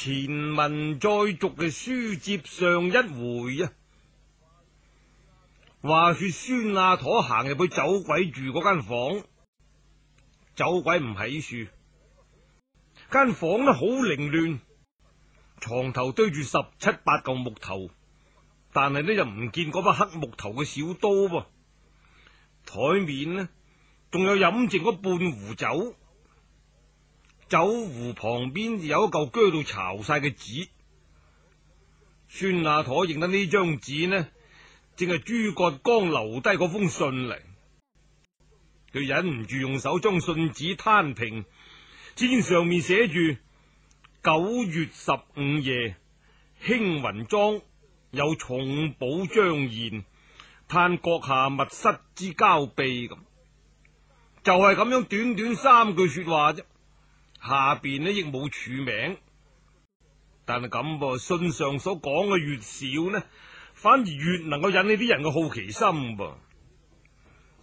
前文再續嘅書接上一回啊，話說孫亞、啊、妥行入去酒鬼住間房間，酒鬼唔喺度，間房咧好凌亂，床頭堆住十七八嚿木頭，但係咧就唔見把黑木頭嘅小刀噃、啊，台面呢仲有飲剩半壺酒。酒壺旁邊有一舊鋸到巢晒嘅紙，孫阿駝認得呢張紙呢，正係朱葛光留低嗰封信嚟。佢忍唔住用手將信紙攤平，只見上面寫住九月十五夜，興雲莊有重寶將言，嘆閣下勿失之交臂咁，就係、是、咁樣短短三句說話啫。下邊呢亦冇署名，但係咁噃，信上所講嘅越少呢，反而越能夠引起啲人嘅好奇心噃。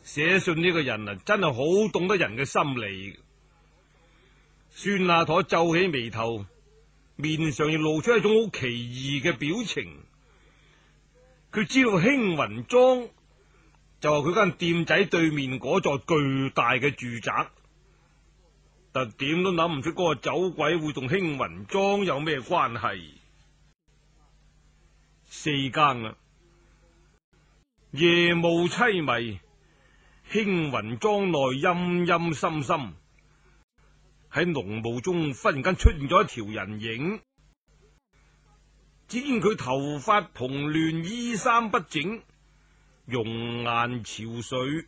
寫信呢個人啊，真係好懂得人嘅心理。孫阿陀皺起眉頭，面上亦露出一種好奇異嘅表情。佢知道興雲莊就係佢間店仔對面嗰座巨大嘅住宅。就點都諗唔出嗰個酒鬼會同興雲莊有咩關係？四更啦，啊，夜霧凄迷，興雲莊內陰陰深深，喺濃霧中忽然間出現咗一條人影。只見佢頭髮蓬亂，衣衫不整，容顏憔悴，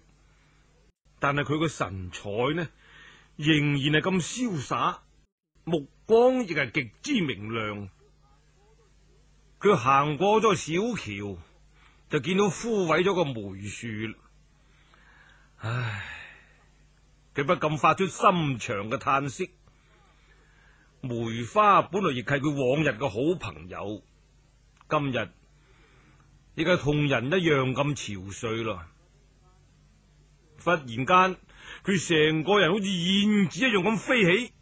但係佢個神采呢？仍然係咁瀟灑，目光亦係極之明亮。佢行過咗小橋，就見到枯萎咗個梅樹。唉，佢不禁發出深長嘅嘆息。梅花本來亦係佢往日嘅好朋友，今日亦係同人一樣咁憔悴啦。忽然間。佢成個人好似燕子一樣咁飛起，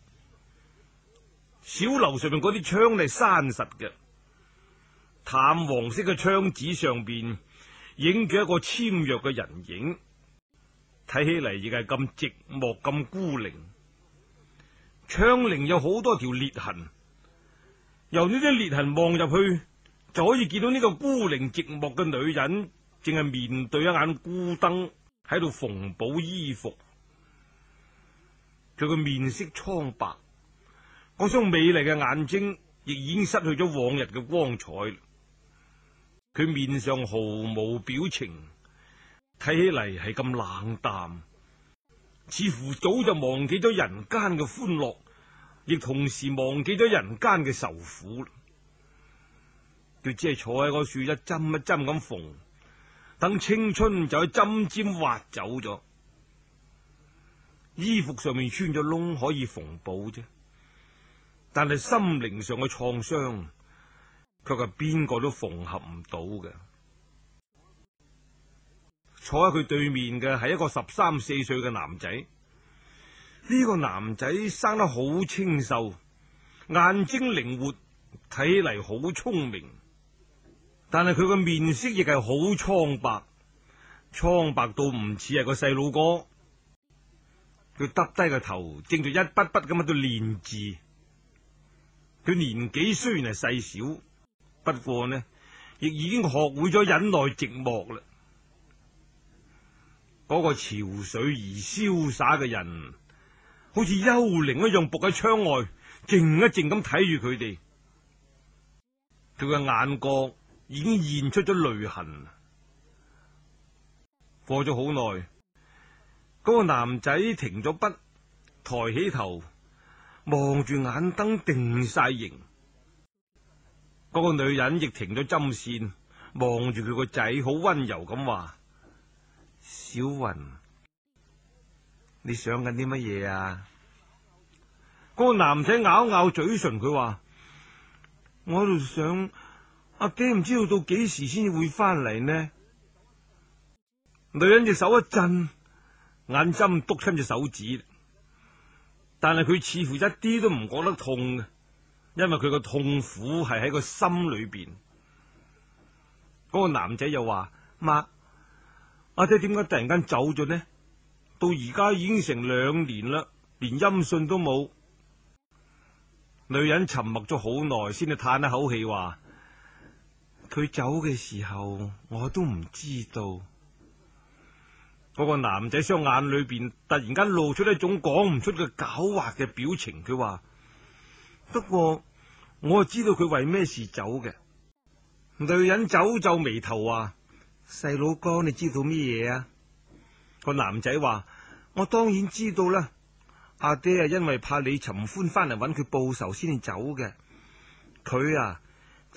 小樓上面嗰啲窗係山實嘅，淡黃色嘅窗紙上邊影住一個纖弱嘅人影，睇起嚟亦係咁寂寞咁孤零。窗櫺有好多條裂痕，由呢啲裂痕望入去，就可以見到呢個孤零寂寞嘅女人，淨係面對一眼孤燈喺度縫補衣服。佢個面色蒼白，嗰雙美麗嘅眼睛亦已經失去咗往日嘅光彩。佢面上毫無表情，睇起嚟係咁冷淡，似乎早就忘記咗人間嘅歡樂，亦同時忘記咗人間嘅愁苦。佢只係坐喺個樹一針一針咁縫，等青春就喺針尖劃走咗。衣服上面穿咗窿可以縫補啫，但係心靈上嘅創傷，卻係邊個都縫合唔到嘅。坐喺佢對面嘅係一個十三四歲嘅男仔，呢、這個男仔生，生得好清秀，眼睛靈活，睇嚟好聰明，但係佢嘅面色亦係好蒼白，蒼白到唔似係個細路哥。佢耷低個頭，正在一筆筆咁喺度練字。佢年紀雖然係細小，不過呢，亦已經學會咗忍耐寂寞啦。嗰、那個潮水而瀟灑嘅人，好似幽靈一樣伏喺窗外，靜一靜咁睇住佢哋。佢嘅眼角已經現出咗淚痕。過咗好耐。嗰個男仔停咗筆，抬起頭望住眼燈，定晒型。嗰、那個女人亦停咗針線，望住佢個仔，好溫柔咁話：小雲，你想緊啲乜嘢啊？嗰、那個男仔咬咬嘴唇，佢話：我喺度想阿爹唔知道到幾時先會翻嚟呢？女人隻手一震。眼針督親隻手指，但係佢似乎一啲都唔覺得痛嘅，因為佢個痛苦係喺個心裏邊。嗰個男仔又話：媽，阿姐點解突然間走咗呢？到而家已經成兩年啦，連音訊都冇。女人沉默咗好耐，先至嘆一口氣，話：佢走嘅時候，我都唔知道。嗰個男仔雙眼裏邊突然間露出一種講唔出嘅狡猾嘅表情，佢話：不過我知道佢為咩事走嘅。女人皺皺眉頭話：細佬哥，你知道咩嘢啊？個男仔話：我當然知道啦。阿爹啊，因為怕李尋歡翻嚟揾佢報仇先至走嘅。佢啊，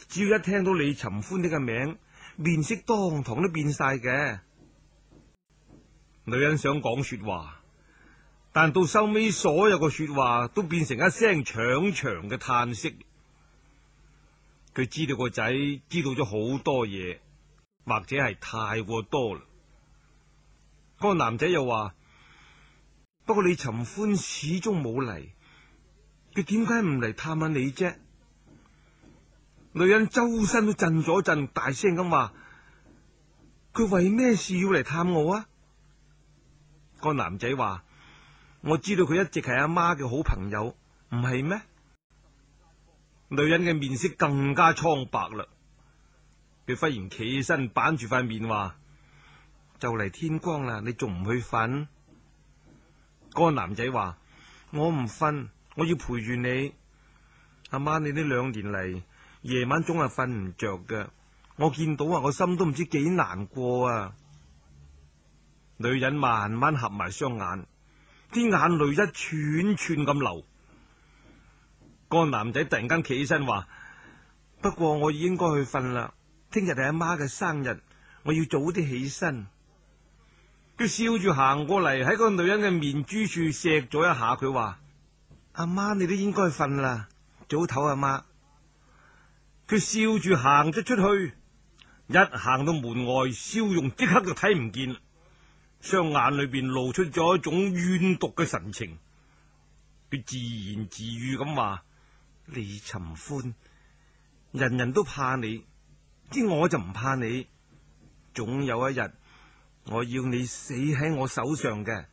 只要一聽到李尋歡呢個名，面色當堂都變晒嘅。女人想講說話，但到收尾所有個說話都變成一聲長長嘅嘆息。佢知道個仔知道咗好多嘢，或者係太過多啦。嗰個男仔又話：，不過你尋歡始終冇嚟，佢點解唔嚟探下你啫？女人周身都震咗震，大聲咁話：，佢為咩事要嚟探我啊？個男仔話：我知道佢一直係阿媽嘅好朋友，唔係咩？女人嘅面色更加蒼白啦。佢忽然起身，板住塊面話：就嚟天光啦，你仲唔去瞓？個男仔話：我唔瞓，我要陪住你。阿媽，你呢兩年嚟夜晚總係瞓唔着㗎，我見到啊，我心都唔知幾難過啊！女人慢慢合埋雙眼，啲眼淚一串串咁流。嗰個男仔突然間起身話：不過我應該去瞓啦，聽日係阿媽嘅生日，我要早啲起身。佢笑住行過嚟，喺個女人嘅面珠處錫咗一下。佢話：阿媽，你都應該瞓啦，早唞阿媽。佢笑住行咗出去，一行到門外，笑容即刻就睇唔見。雙眼裏邊露出咗一種怨毒嘅神情，佢自言自語咁話：李尋歡，人人都怕你，知我就唔怕你。總有一日，我要你死喺我手上嘅。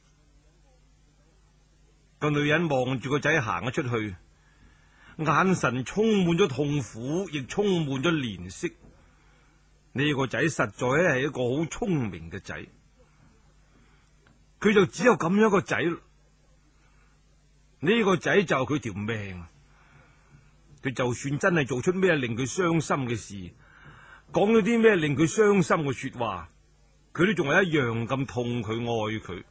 個女人望住個仔行咗出去，眼神充滿咗痛苦，亦充滿咗憐惜。呢個仔實在係一個好聰明嘅仔。佢就只有咁樣個仔，呢個仔就佢條命。佢就算真係做出咩令佢傷心嘅事，講咗啲咩令佢傷心嘅說話，佢都仲係一樣咁痛佢愛佢。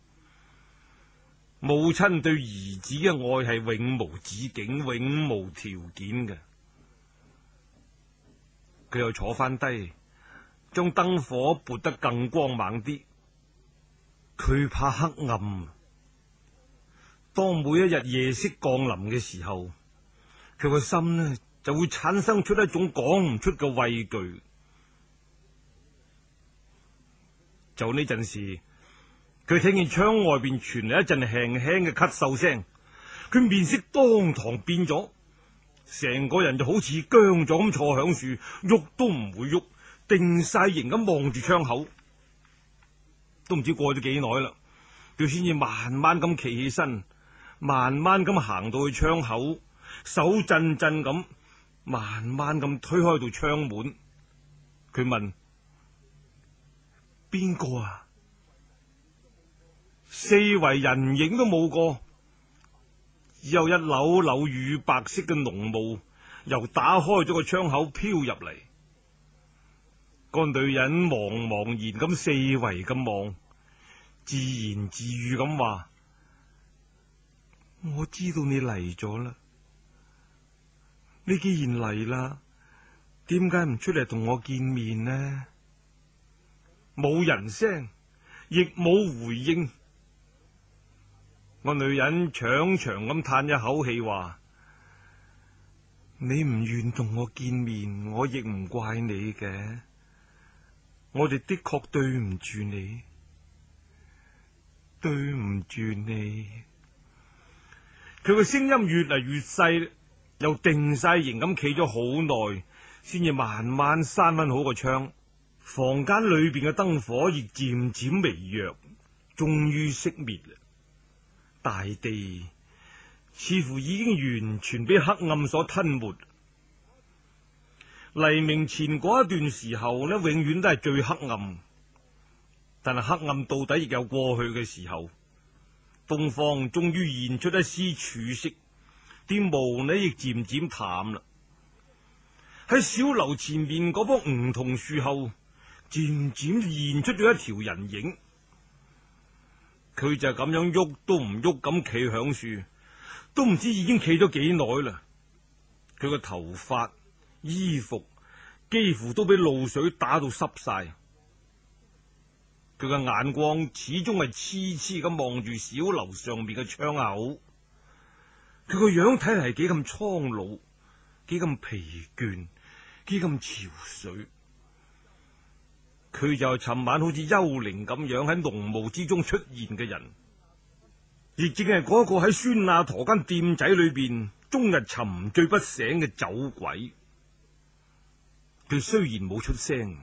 母親對兒子嘅愛係永無止境、永無條件嘅。佢又坐翻低，將燈火撥得更光猛啲。佢怕黑暗，當每一日夜色降臨嘅時候，佢個心呢就會產生出一種講唔出嘅畏懼。就呢陣時，佢聽見窗外邊傳嚟一陣輕輕嘅咳嗽聲，佢面色當堂變咗，成個人就好似僵咗咁坐響樹，喐都唔會喐，定晒型咁望住窗口。都唔知過咗幾耐啦，佢先至慢慢咁企起身，慢慢咁行到去窗口，手震震咁，慢慢咁推開度窗門。佢問：邊個啊？四圍人影都冇個，只有一縷縷乳白色嘅濃霧，由打開咗個窗口飄入嚟。個女人茫茫然咁四圍咁望，自言自語咁話：我知道你嚟咗啦，你既然嚟啦，點解唔出嚟同我見面呢？冇人聲，亦冇回應。個女人長長咁嘆一口氣，話：你唔願同我見面，我亦唔怪你嘅。我哋的確對唔住你，對唔住你。佢嘅聲音越嚟越細，又定晒型咁企咗好耐，先至慢慢閂翻好個窗。房間裏邊嘅燈火亦漸漸微弱，終於熄滅啦。大地似乎已經完全被黑暗所吞沒。黎明前嗰一段時候呢，永遠都係最黑暗。但係黑暗到底亦有過去嘅時候。東方終於現出一絲曙色，啲霧呢亦漸漸淡啦。喺小樓前面嗰棵梧桐樹後，漸漸現出咗一條人影。佢就咁樣喐都唔喐咁企響樹，都唔知已經企咗幾耐啦。佢個頭髮。衣服幾乎都俾露水打到濕晒，佢嘅眼光始終係痴痴咁望住小樓上面嘅窗口。佢個樣睇嚟係幾咁蒼老，幾咁疲倦，幾咁憔悴。佢就係尋晚好似幽靈咁樣喺濃霧之中出現嘅人，亦正係嗰個喺孫阿陀間店仔裏邊終日沉醉不醒嘅酒鬼。佢雖然冇出聲，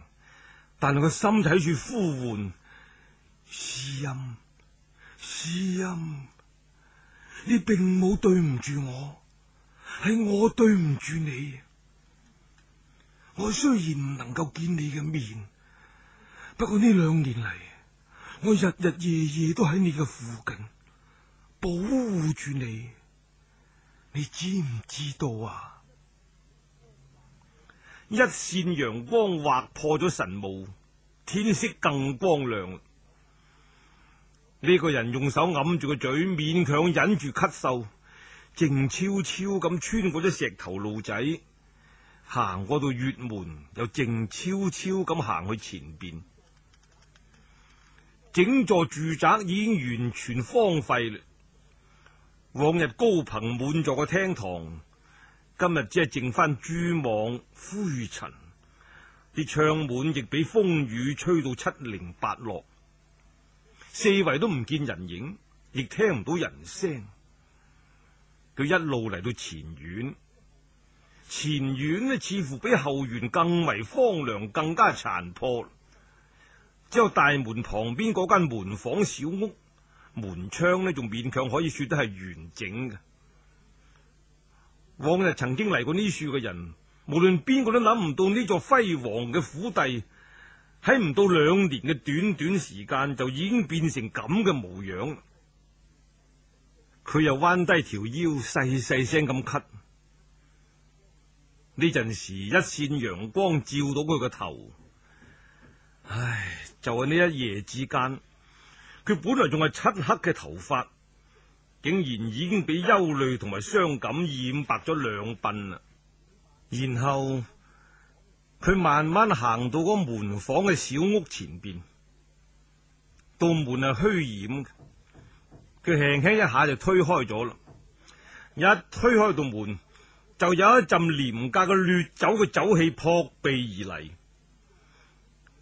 但係個心就喺處呼喚，詩音，詩音，你並冇對唔住我，係我對唔住你。我雖然唔能夠見你嘅面，不過呢兩年嚟，我日日夜夜都喺你嘅附近保護住你，你知唔知道啊？一線陽光劃破咗晨霧，天色更光亮。呢、這個人用手揞住個嘴，勉強忍住咳嗽，靜悄悄咁穿過咗石頭路仔，行過度月門，又靜悄悄咁行去前邊。整座住宅已經完全荒廢了，往日高朋滿座嘅廳堂。今日只係剩翻，蛛網、灰塵，啲窗門亦俾風雨吹到七零八落，四圍都唔見人影，亦聽唔到人聲。佢一路嚟到前院，前院呢似乎比後院更為荒涼，更加殘破。之後大門旁邊嗰間門房小屋，門窗呢仲勉強可以說得係完整嘅。往日曾經嚟過呢處嘅人，無論邊個都諗唔到呢座輝煌嘅府邸，喺唔到兩年嘅短短時間就已經變成咁嘅模樣。佢又彎低條腰，細細聲咁咳、咳。呢陣時，一線陽光照到佢個頭，唉，就係、是、呢一夜之間，佢本來仲係漆黑嘅頭髮。竟然已經俾憂慮同埋傷感染白咗兩鬢啦。然後佢慢慢行到個門房嘅小屋前邊，道門係虛掩，佢輕輕一下就推開咗啦。一推開道門，就有一陣廉價嘅劣酒嘅酒氣撲鼻而嚟。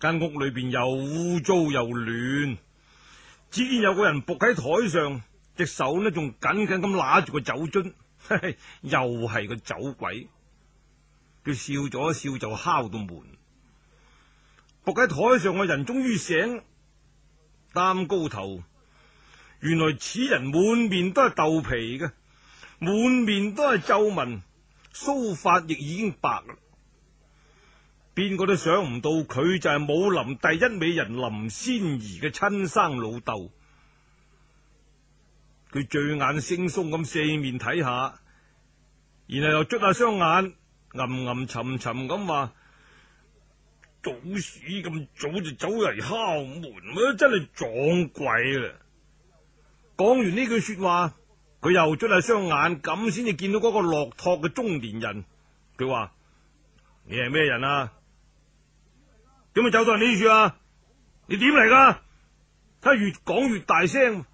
間屋裏邊又污糟又亂，只見有個人伏喺台上。隻手呢，仲緊緊咁揦住個酒樽，嘿嘿，又係個酒鬼。佢笑咗一笑，就敲到門。伏喺台上嘅人終於醒，擔高頭，原來此人滿面都係豆皮嘅，滿面都係皺紋，鬚髮亦已經白啦。邊個都想唔到，佢就係武林第一美人林仙兒嘅親生老豆。佢醉眼惺忪咁四面睇下，然後又卒下雙眼，暗暗沉沉咁話：早屎咁早就走嚟敲門，真係撞鬼啦！講完呢句說話，佢又卒下雙眼，咁先至見到嗰個落拓嘅中年人。佢話：你係咩人啊？點解走到嚟呢處啊？你點嚟噶？他越講越大聲。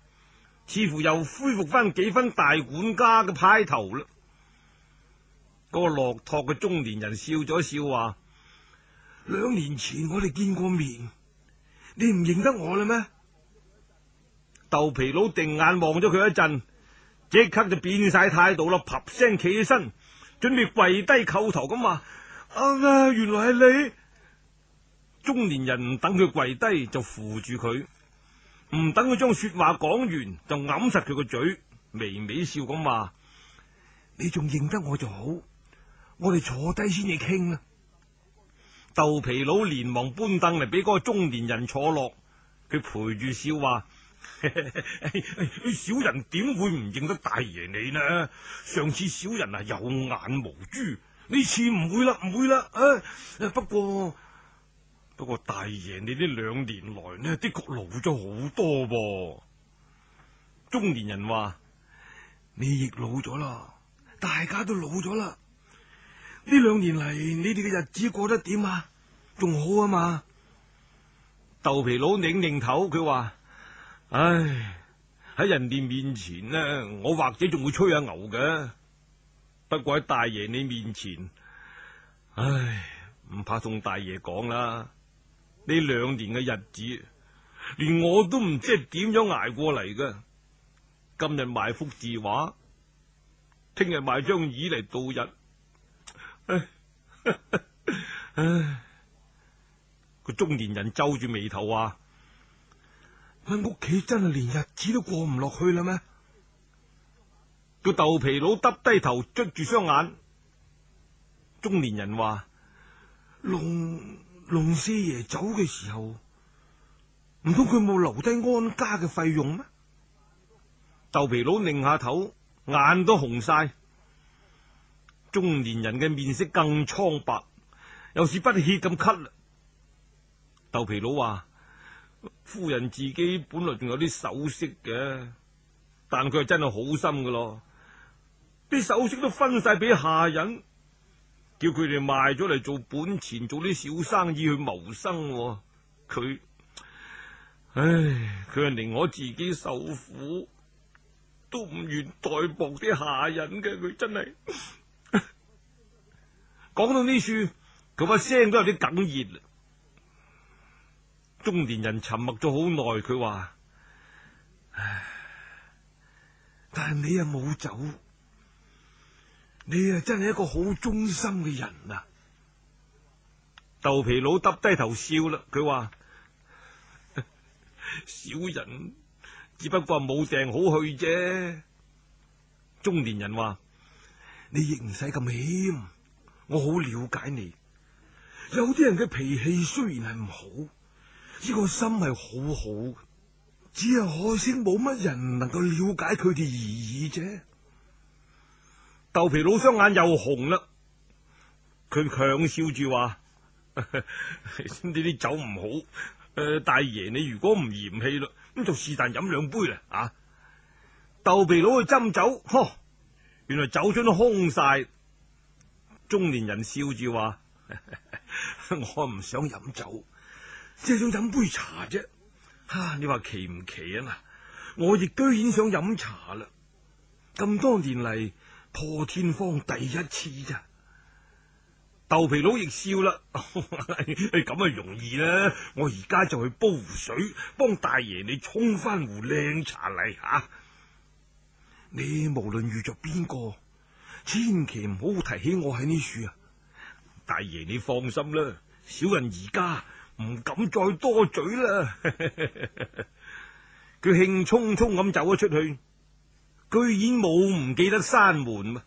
似乎又恢復翻幾分大管家嘅派頭啦。嗰、那個落拓嘅中年人笑咗一笑，話：兩年前我哋見過面，你唔認得我啦咩？豆皮佬定眼望咗佢一陣，即刻就變晒態度啦，啪聲企起身，準備跪低叩頭咁話：啱啦、啊，原來係你。中年人等佢跪低，就扶住佢。唔等佢將說話講完，就揞實佢個嘴，微微笑咁話：你仲認得我就好。我哋坐低先至傾啦。 豆皮佬連忙搬凳嚟俾嗰個中年人坐落，佢陪住笑話： 小人點會唔認得大爺你呢？上次小人啊有眼無珠，呢次唔會啦，唔會啦。誒，不過。不過，大爺你呢兩年來呢的確老咗好多噃。中年人話：你亦老咗啦，大家都老咗啦。呢兩年嚟，你哋嘅日子過得點啊？仲好啊嘛？豆皮佬擰擰頭，佢話：唉，喺人哋面前呢，我或者仲會吹下牛嘅。不過喺大爺你面前，唉，唔怕同大爺講啦。呢兩年嘅日子，連我都唔知係點樣挨過嚟㗎。今日賣幅字畫，聽日賣張椅嚟度日。唉，個中年人皺住眉頭話：喺屋企真係連日子都過唔落去啦咩？個豆皮佬耷低頭，捽住雙眼。中年人話：龍。龍四爺走嘅時候，唔通佢冇留低安家嘅費用咩？豆皮佬擰下頭，眼都紅晒，中年人嘅面色更蒼白，有時不屑咁咳啦。豆皮佬話：夫人自己本來仲有啲首飾嘅，但佢係真係好心嘅咯，啲首飾都分晒俾下人。叫佢哋賣咗嚟，做本錢，做啲小生意去謀生，哦。佢，唉，佢係連我自己受苦都唔願待薄啲下人嘅。佢真係講 到呢處，佢把聲都有啲哽咽。中年人沉默咗好耐，佢話：唉，但係你又冇走。.你啊，真係一個好忠心嘅人啊！豆皮佬耷低頭笑啦，佢話： 小人只不過冇訂好去啫。中年人話：你亦唔使咁謙，我好了解你。有啲人嘅脾氣雖然係唔好，呢個心係好好，只係可惜冇乜人能夠了解佢哋而已啫。豆皮佬雙眼又紅啦，佢強笑住話：呢啲酒唔好，誒、呃，大爺你如果唔嫌棄啦，咁就是但飲兩杯啦。啊，豆皮佬去斟酒，呵，原來酒樽都空晒。中年人笑住話：我唔想飲酒，只係想飲杯茶啫。啊，你話奇唔奇啊？嘛，我亦居然想飲茶啦，咁多年嚟。破天荒第一次咋？豆皮佬亦笑啦，咁 啊容易啦！我而家就去煲壺水，幫大爺你沖翻壺靚茶嚟吓、啊。你無論遇着邊個，千祈唔好提起我喺呢處啊！大爺你放心啦，小人而家唔敢再多嘴啦。佢 興沖冲咁走咗出去。居然冇唔記得閂門啊，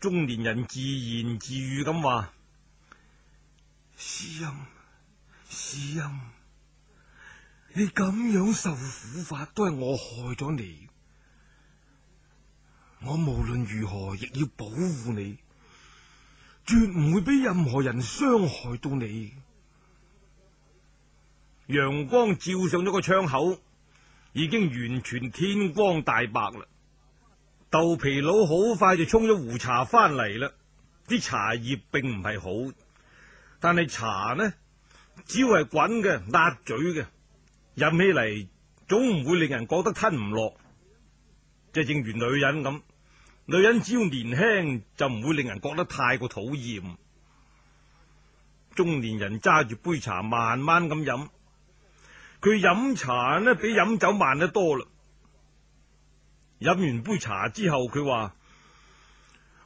中年人自言自語咁話：詩音詩音你咁樣受苦法都係我害咗你。我無論如何亦要保護你，絕唔會俾任何人傷害到你。陽光照上咗個窗口。已經完全天光大白啦，豆皮佬好快就沖咗壺茶翻嚟啦。啲茶葉並唔係好，但係茶呢，只要係滾嘅、辣嘴嘅，飲起嚟總唔會令人覺得吞唔落。即係正如女人咁，女人只要年輕就唔會令人覺得太過討厭。中年人揸住杯茶，慢慢咁飲。佢飲茶呢，比飲酒慢得多啦。飲完杯茶之後，佢話：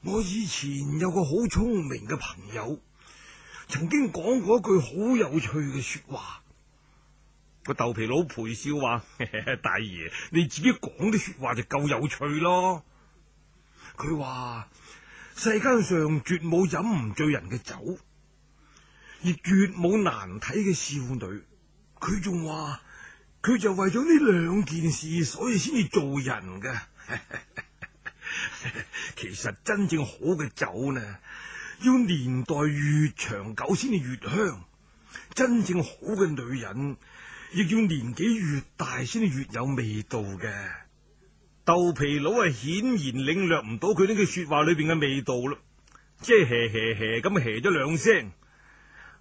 我以前有個好聰明嘅朋友，曾經講過一句好有趣嘅說話。個豆皮佬陪笑話： 大爺你自己講啲說話就夠有趣咯。佢話：世間上絕冇飲唔醉人嘅酒，亦絕冇難睇嘅少女。佢仲話佢就為咗呢兩件事，所以先至做人嘅。 其實真正好嘅酒呢，要年代越長久先至越香；真正好嘅女人，亦要年紀越大先至越有味道嘅。豆皮佬係顯然領略唔到佢呢句說話裏邊嘅味道咯，即係嘿嘿嘿啊，嘿咗兩聲，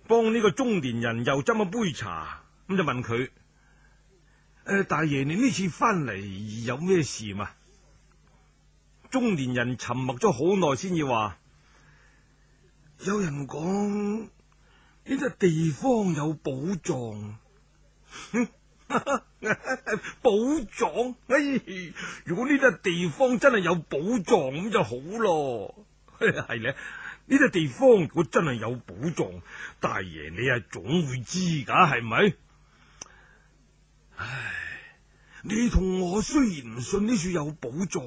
幫呢個中年人又斟一杯茶。咁就問佢：誒、呃，大爺，你呢次翻嚟有咩事嘛？中年人沉默咗好耐，先至話：有人講呢隻地方有寶藏。 寶藏哎、寶藏？如果呢隻地方真係有寶藏咁就好咯。係 咧，呢、這、隻、個、地方如果真係有寶藏，大爺你啊總會知噶，係咪？唉，你同我雖然唔信呢處有寶藏，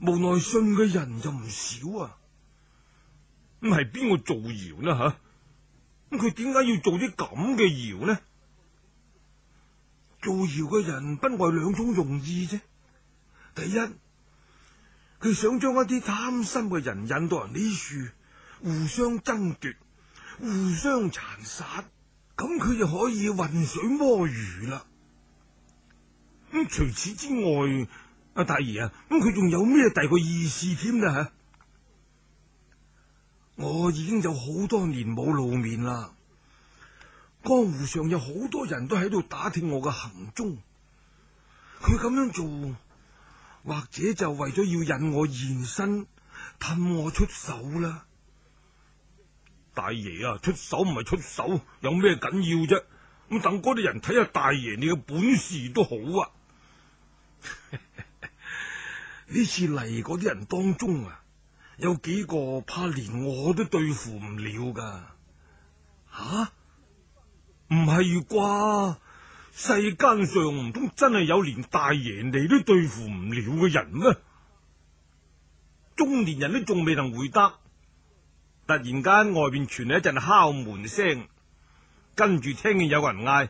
無奈信嘅人就唔少啊。咁係邊個造謠呢？吓，咁佢點解要做啲咁嘅謠呢？造謠嘅人不外兩種用意啫。第一，佢想將一啲貪心嘅人引到人呢處，互相爭奪，互相殘殺，咁佢就可以渾水摸魚啦。咁、嗯、除此之外，阿大爺啊，咁佢仲有咩第二個意思添啊？吓？我已經有好多年冇露面啦，江湖上有好多人都喺度打聽我嘅行蹤。佢咁樣做，或者就為咗要引我現身，氹我出手啦。大爺啊，出手唔係出手，有咩緊要啫？咁等嗰啲人睇下，大爺你嘅本事都好啊！呢 次嚟嗰啲人當中啊，有幾個怕連我都對付唔了噶？吓、啊，唔係啩？世間上唔通真係有連大爺你都對付唔了嘅人咩？中年人都仲未能回答，突然間外邊傳嚟一陣敲門聲，跟住聽見有人嗌：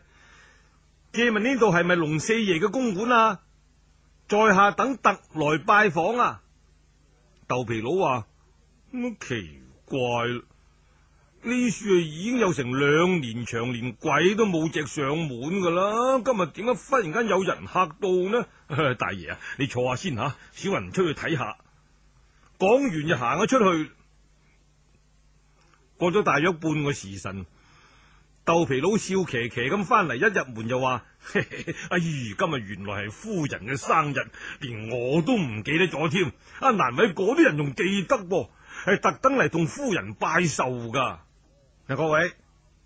借問呢度係咪龍四爺嘅公館啊？在下等特來拜訪啊！豆皮佬話：咁、嗯、奇怪，呢處已經有成兩年長年，連鬼都冇隻上門噶啦。今日點解忽然間有人客到呢？ 大爺啊，你坐下先吓、啊，小人出去睇下。講完就行咗、啊、出去。過咗大約半個時辰，豆皮佬笑騎騎咁翻嚟，一入門就話。嘿嘿嘿，哎，如今咪原來係夫人嘅生日，連我都唔記得咗添。啊，難為嗰啲人仲記得喎，係特登嚟同夫人拜壽噶。嗱，各位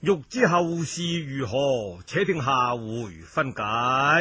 欲知後事如何，且聽下回分解。